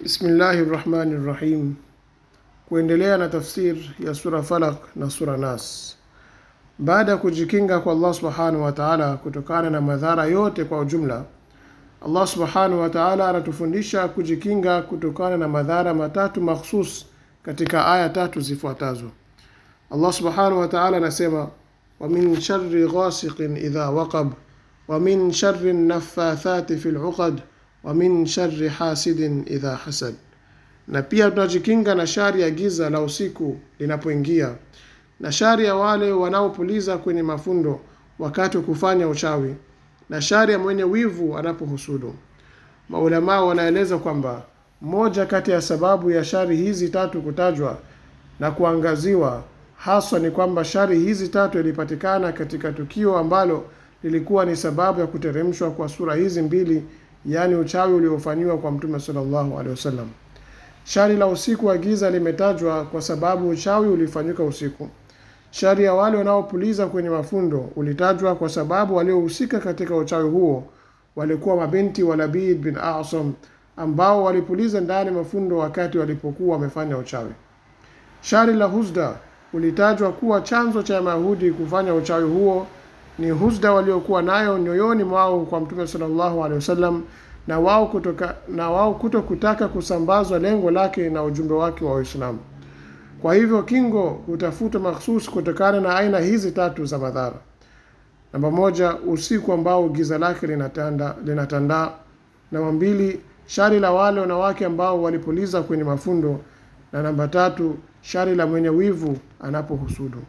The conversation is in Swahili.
Bismillahi rahmani rahim. Kuendelea na tafsir ya sura Falaq na sura Nas, baada ya kujikinga kwa Allah subhanahu wa taala kutokana na madhara yote kwa ujumla, Allah subhanahu wa taala anatufundisha kujikinga kutokana na madhara matatu makhsus katika aya tatu zifuatazo. Allah subhanahu wa taala anasema, wa min sharri ghasiqin idha waqab wa min sharri naffathati fil uqad wa min sharri hasidin idha hasad, na pia tunajikinga na shari ya giza la usiku linapoingia, na shari ya wale wanaopuliza kwenye mafundo wakati wa kufanya uchawi, na shari ya mwenye wivu anapohusudu. Maulamaa wanaeleza kwamba moja kati ya sababu ya shari hizi tatu kutajwa na kuangaziwa haswa ni kwamba shari hizi tatu ilipatikana katika tukio ambalo lilikuwa ni sababu ya kuteremshwa kwa sura hizi mbili yaani uchawi uliofanyiwa kwa Mtume sallallahu alaihi wasallam. Shari la usiku wa giza limetajwa kwa sababu uchawi ulifanyika usiku. Shari ya wale wanaopuliza kwenye mafundo ulitajwa kwa sababu waliohusika katika uchawi huo walikuwa mabinti wa Labid bin Asom ambao walipuliza ndani mafundo wakati walipokuwa wamefanya uchawi. Shari la huzda ulitajwa kuwa chanzo cha Mayahudi kufanya uchawi huo ni husda waliokuwa nayo nyoyoni mwao kwa Mtume sallallahu alaihi wasallam na wao kutoka na wao kuto kutaka kusambazwa lengo lake na ujumbe wake wa Uislamu. Kwa hivyo kingo hutafutwa mahsusi kutokana na aina hizi tatu za madhara. Namba moja, usiku ambao giza lake linatanda linatandaa. Namba mbili, shari la wale wanawake ambao walipuliza kwenye mafundo, na namba tatu, shari la mwenye wivu anapohusudu.